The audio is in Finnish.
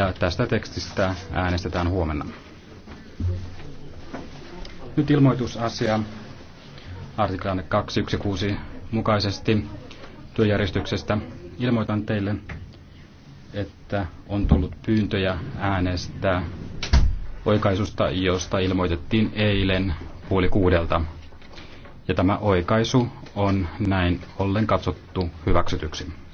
Ja tästä tekstistä äänestetään huomenna. Nyt ilmoitusasia artiklan 216 mukaisesti työjärjestyksestä ilmoitan teille, että on tullut pyyntöjä äänestää oikaisusta, josta ilmoitettiin eilen puoli kuudelta. Ja tämä oikaisu on näin ollen katsottu hyväksytyksi.